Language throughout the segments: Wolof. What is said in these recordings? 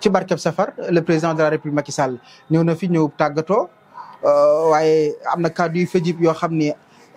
ci barkeb safar le président de la république Macky Sall ñëw na fi ñëw tàggatoo euh, waaye am na kàddu yu fëjib yoo xam ni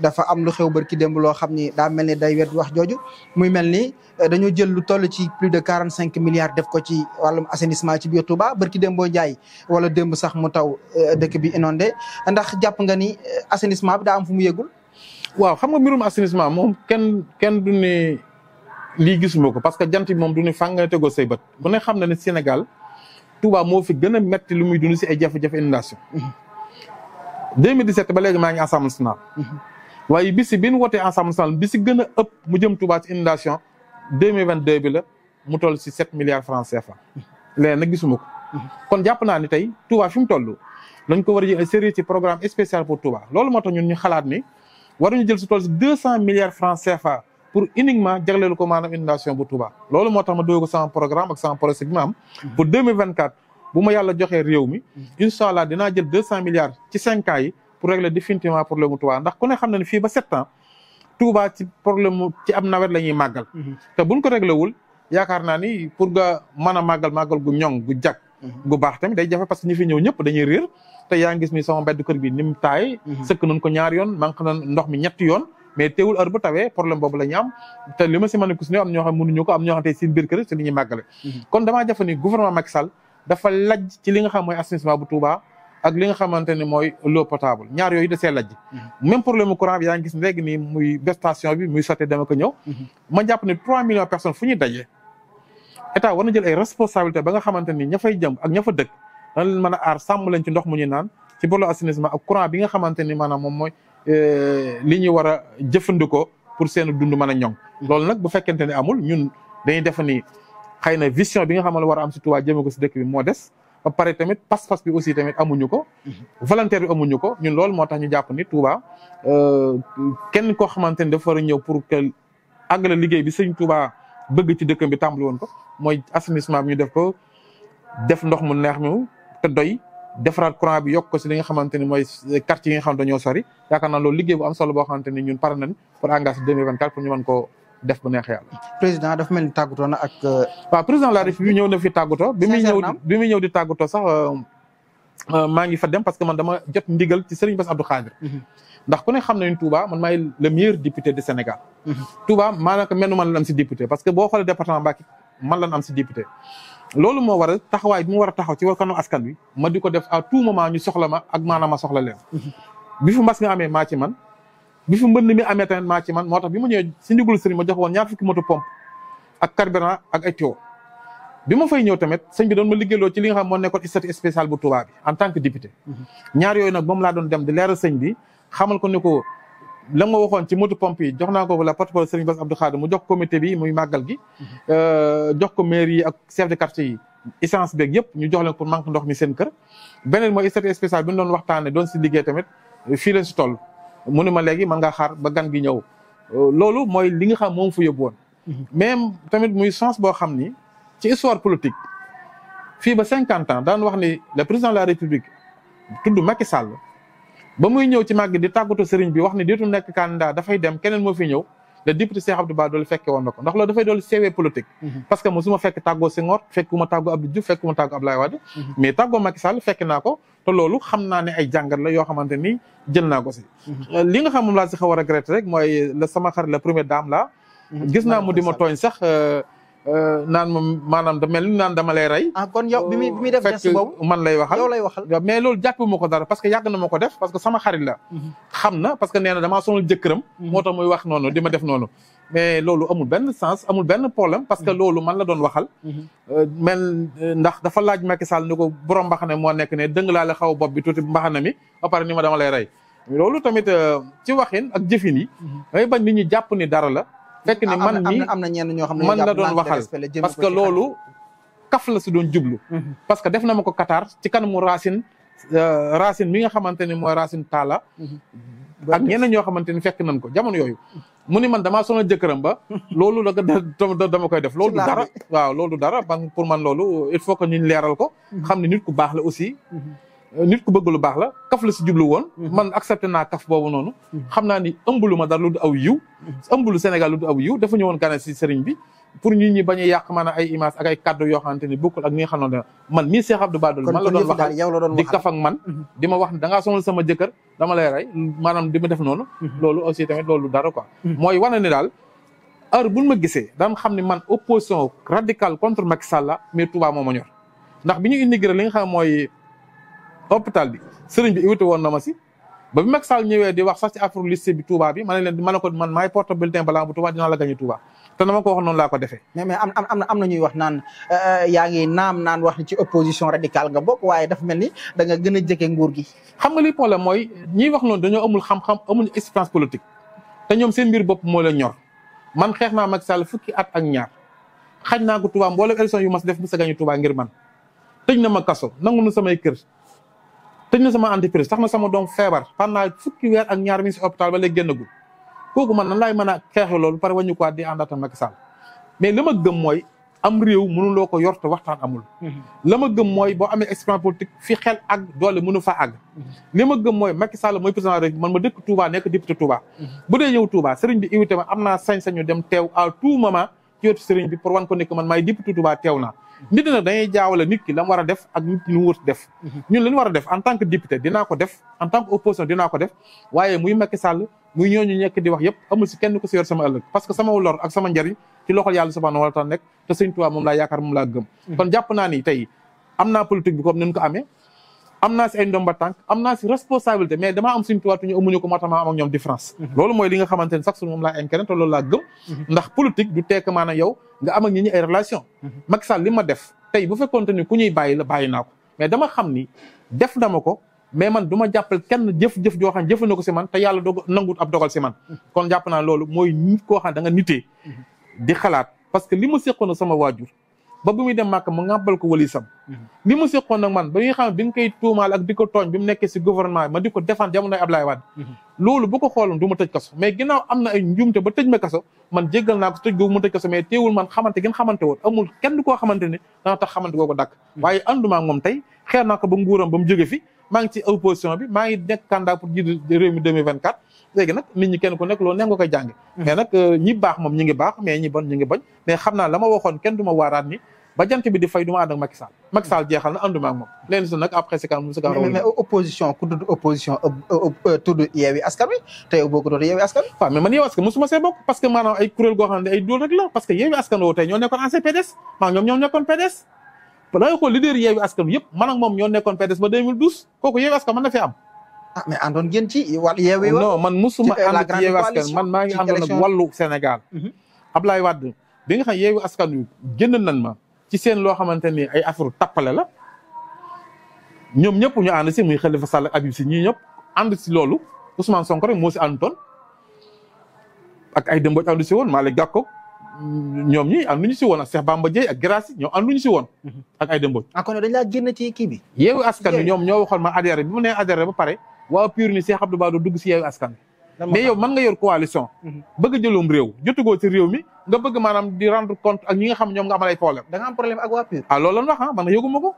dafa am lu xew barki demb loo xam ni daa mel ni day wet wax jooju muy mel ni euh, dañoo jël lu toll ci plus de quarante cinq milliards def ko ci wàllum assainissement ci biir Touba barki démb boo jaay wala démb sax mu taw euh, dëkk bi inondé ndax jàpp nga ni assainissement bi daa am fu mu yëgul. waaw xam nga mbirum assainissement moom kenn kenn du ni lii gisuma ko parce que jant bi moom du ne fang nga tegoo say bët bu ne xam na ne Sénégal Touba moo fi gën a metti lu muy dund si ay jafe-jafe inondation 2017 ba léegi maa ngi Assemblée nationale waaye bisi si bi ñu wootee Assemblée nationale bi si gën a ëpp mu jëm Touba ci inondation 2022 bi la mu toll si 7 milliards francs fa léegi na gisuma ko kon jàpp naa ni tey Touba fi mu toll dañ ko war a jël sérieux ci programme spécial pour Touba loolu moo tax ñun ñu xalaat ni waruñu jël su toll si deux cent milliards francs CFA pour uniquement jagleelu ko maanaam inondation bu Touba. loolu moo tax ma doy ko sama programme ak sama projet bi ma am. pour deux mille vingt yàlla joxee réew mi. incha allah dinaa jël deux cent milliards ci cinq ans yi pour régler définitivement problème mu Touba ndax ku ne xam na ne fii ba sept ans Touba ci problème ci ab nawet la ñuy màggal. Mhm. te buñ ko réglé wul yaakaar naa ni pour nga mën a màggal màggal gu ñoŋ gu jag. Mhm. gu baax tamit day jafe parce que ñu ñëw ñëpp dañuy réer te yaa ngi gis ni sama mbedd kër bi taay mhm. sëkk nañ ko ñaar yoon manque na ndox mi ñetti yoon mais teewul heure bu tawee problème boobu la ñu am te li a gis ne am ñoo xam mënuñu ko am ñoo xam tey seen biir kër si li ñuy màggale mhm. mooy assainissement bu ne mooy l'eau potable ñaar yooyu da see lajj même problème mu courant bi yaa ngi gis léegi nii muy bestation bi muy sotte dama ko ñëw ma ne trois millions personnes fu ñuy dajee état war na jël ay responsabilité ba nga xamante ni ña fay ak ña fa dëkk dana leen mën a aar sàmm leen ci ndox mu ñu naan ci bolo assainissement ak bi nga xamante ni maanaam moom mooy eh, li ñuy war jëfandikoo pour seen dund mën a ñoŋ loolu nag bu fekkente ne amul ñun dañuy def ni xëy na vision bi nga xam ne war a am si Touba jëmee ko si dëkk bi moo des ba pare tamit pas-pas bi aussi tamit amuñu ko mhm. volontaire bi amuñu ko ñun lool moo tax ñu jàpp ni Touba euh, kenn koo xamante ni dafa war a ñëw pour que àggale liggéey bi sëñ Touba bëgg ci dëkkam bi tàmbali woon ko mooy assainissement bi ñu def ko def ndox mu neex mi te doy defaraat courant bi yokk ko si li nga xamante mooy quartier yi nga xam dañoo sori yaakaar naa loolu liggéey bu am solo boo xamante ni ñun par a pour engagé 2024 pour ñu mën koo def bu neex yàlla. président dafa mel ni tàggatoo na ak. Euh, waaw président de la ñëw na fi tàggatoo. bi muy ñëw bi ñëw di tàggatoo sax. Euh, Euh, maa ngi fa dem parce que man dama jot ndigal ci Serigne Bass Abdou Khadir. Mhm. ndax ku ne xam nañu Touba man maay le député de Sénégal. Mhm. Touba maanaam mel man lan am si député parce que boo xoolee département Mbacké man lan am si député. loolu moo waral taxawaay bi mu war a taxaw ci war kanu askan wi ma di ko def à tout moment ñu soxla ma ak maanaam ma soxla leen. Mhm. bi fu mbas nga amee maa ci man bi fu mbënd mi amee tamit maa man moo tax bi ma ñëwee si ndigul Serigne ma jox woon ñaar fukki moto pompe ak carburant ak ay bi ma fay ñëw tamit sëñ bi doon ma liggéeyloo ci li nga xam moo nekkoon statut spécial bu Touba bi en tant que député. Mhm. ñaar yooyu nag moom laa doon dem di leeral sëñ bi xamal ko ne ko la nga waxoon ci motu pompe yi jox naa ko la porte-parole Serigne Bass Abdou Khadre mu muy magal gi. Mhm. Euh, jox ko maire yi ak chef de quartier yi. essence beeg yëpp ñu jox leen pour manque ndox mi seen kër beneen mooy statut spécial bi ñu doon waxtaanee doon liggéey tamit fii la si toll. mu ne ma léegi man ngaa xaar ba gan gi ñëw euh, loolu mooy li nga xam moom fu yóbbu woon. mais mhm. tamit muy chance boo xam ni ci histoire politique fi ba cinquante ans daan wax ni le président de la république tudd Macky Sall ba muy ñëw ci màgg di tàggatu sëriñ bi wax ni diitu nekk candidat dafay dem keneen moo fi ñëw le député Cheikh Abdou Bara Dolly fekke ko ndax loolu dafay doolu seewee politique mhm. parce que mosuma fekk tàggoo Senghor fekkuma tàggoo Abdou Diouf fekkuma tàggoo Abdoulaye Wade mhm. mais tàggoo Macky Sall fekk naa ko te loolu xam naa ne ay jàngat la yoo xamante ni jël naa ko si mhm. euh, li nga xam moom laa si xaw rek mooy la sama xarit la première dame la gis ma tooñ sax euh, Euh, naan ma maanaam mel ni naan dama lay rey. Ah, kon yow bi muy def man lay waxal yow lay waxal. mais loolu jàppee ma ko dara parce que yàgg na ma ko def parce que sama xarit la. Mhm. xam na parce que nee na damaa sonal jëkkëram. Mhm. moo tax muy wax noonu di ma def noonu. mais loolu amul benn sens amul benn problème parce que mhm. loolu man la doon waxal. Euh, mel euh, ndax dafa laaj ma Macky Sall ni ko borom mbaxane moo nekk ne dëng laale xaw bopp bi tuuti mbaxane mi ba pare ni ma dama lay rey. loolu tamit ci waxin ak jëfin yi. day bañ nit ñi jàpp ni dara la. fekk ni man mi am na ñenn ñoo xam ne man la doon waxal parce que loolu kaf la si doon jublu mhm. parce que def na ma ko Qatar ci kanamu Racine euh, Racine mi nga xamante ne mooy Racine Talla mhm. ak ñenn ñoo xamante ni fekk nañ ko jamono yooyu mu ni man damaa sonal jëkkëram ba loolu la dama koy def loolu dara waaw loolu dara ban pour man loolu il faut que ñu leeral ko mhm. xam ne nit ku baax la aussi nit ku bëgg lu baax la kaf la si jublu woon mhm. man accepté na kaf boobu noonu mhm. xam naa ni ëmbulu ma dara lu du aw yiw mhm. ëmbulu Sénégal lu du aw yiw dafa ñëwoon gane si sëriñ bi pour ay image ak yoo xamante ni bokkul ak ni nga xam ne man mii Cheikh Abdou Badou man la doon waxal di kaf ak man di ma wax ne da ngaa sonal sama jëkkër dama lay rey maanaam di ma def noonu loolu aussi daal heure ma gisee daan xam ne man opposition radicale contre Macky Sall mais Touba moo ma ñor ndax bi ñu indigré li nga xam mooy hôpital bi sëriñ bi invité woon na ma si ba bi Macky ñëwee di wax sax ci affaire liste bi Touba bi ma ne leen ma ne ko man maay porte bulletin a bu Touba dinaa la gagné Touba ko wax noonu laa ko am am na am wax naan euh, euh, yaa ngi naam naan wax ni ci opposition radicale nga bokk waaye dafa mel ni da nga gën a jege nguur gi. xam nga li problème mooy ñiy wax noonu dañoo amul xam-xam amuñu expérience politique te ñoom seen mbir bopp moo leen ñor man xeex naa Macky Sall fukki at ak ñaar xaj naa ko Touba mboolem élection yu mas def bu sa gagné Touba ngir man tëj na ma kasso nangu na samay kër tëj na sama entreprise tax na sama doom feebar pendant fukki weer ak ñaar mi si hôpital ba léegi génnagul kooku man nan laay mën a xeexee loolu pare wàññi ko di àndaata Macky Sall mais li ma gëm mooy am réew mënuloo ko yor te waxtaan amul. Mhm. la ma gëm mooy boo amee expérience politique fi xel ak doole mënu fa àgg. Mhm. li ma gëm mooy Macky Sall mooy président rek man ma dëkk Touba nekk député Touba. Mhm. bu dee yow Touba sëriñ bi invité ma am naa sañ-sañu dem teew à tout moment ci wetu sëriñ bi pour wan ko nekk man maay député Touba teew na nit nag dañuy jaawale nit ki la mu war a def ak nit ñu wut def mhm. ñun li a def en tant que député dinaa ko def en tant que opposition dinaa ko def waaye muy Macky Sall muy ñooñu nekk di wax yëpp amul si kenn ku si sama ëllëg parce que sama lor ak sama njariñ ci loxol yàlla subhanahu wa taala nekk te Sëñ Tuubaa moom laa yaakaar moom laa gëm mhm. kon jàpp naa ni tey am naa politique bi comme ni ñu ko amee am na si ay ndomba tànk am na si responsabilité mais dama am suñu tuwaatu ñu amuñu ko moo tax ma am ak ñoom différence mhm. loolu mooy li nga xamante ne sax suñu moom laa incarné te loolu laa gëm mhm. ndax politique du tekk maanaam yow nga am a nit ñi ay relation mhm. Macky Sall li ma def tey bu fekkoonte ni ku ñuy bàyyi la bàyyi naa ko mais dama xam ni def na ma ko mais man du ma jàppal kenn jëf-jëf joo xam ne jëfandikoo ko si man te yàlla doog nangut ab dogal si kon jàpp naa loolu mooy nit koo xam da nga nitee di xalaat parce que li ma seqoon sama waajur ba bu muy dem màkk mu ngàbbal ko walisam li mhm. mu séqoon nag man ba ñuy xam bi nga koy tuumaal ak di ko tooñ bi mu nekkee si gouvernement bi ma ko défendre jamonoy Ablaye Wade mhm. loolu bu ko xooloon du ma tëj kaso mais ginnaaw na ay njuumte ba tëj ma kaso man jéggal naa ko tëj googu mu tëj kaso mais teewul man xamante woon amul kenn koo xamante ne dana tax xamante goo ko dakk mhm. waaye anduma ak moom tey xeer naa ko ba nguuram ba mu jóge fi maa ngi ci opposition bi maa ngi nekk candidat pour jiitu réew mi 2024 léegi nag nit ñi kenn euh, baax moom ñi baax mais ñi bon ñi ngi bañ mais xam naa la ma waxoon kenn du ma waaraat ni ba jant bi di fay du ma ànd ak jeexal na ànduma ak moom leen si nag après si kanam si see bokk parce que maanaam ay kuréel goo xam ne rek la parce que yeewi askan woo tey ñoo nekkoon en CPDS maa ñoom ñoom nekkoon PDS ba da nga xool leader yeewi askan yëpp man ak moom ñoo nekkoon PDS ba 2012 kooku yeewi askan mën am. ah mais àndoon ngeen ci wàllu man musuma euh, ànd ci yeewi askan man maa ngi àndoon ak wàllu Sénégal. Mhm. Ablaye Wade bi nga xam yeewi askan wi génn nañ ma ci seen loo xamante ni ay affaire tappale la ñoom ñëpp ñu ànd si muy Khalifa Sall ak Habib ñëpp ànd si loolu Ousmane Sonko rek moo si àndoon ak ay dëmbooj àndu si woon Malick Gakou ñoom ñi ànduñu si woon ak Cheikh Bamba Dièye ak Gracie ñoom ànduñu si woon mhm. ak Aïda Mbodj ah kon dañ laa génn ci kii bi yeewu askan bi ñoom ñoo waxoon ma adhéré ba pare waa PUR ni Cheikh Abdou Bara du dugg si yeewu askan bi mais yow mën nga yor coalition mhm. bëgg jëlum réew jotugoo si réew mi nga bëgg maanaam di rendre compte ak ñi nga xam ñoom nga amal ay problème da nga am problème ak waa a ah wax ah man nga yëguma ko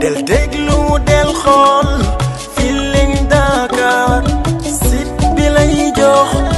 del déglu del xool Feeling Dakar site lay jox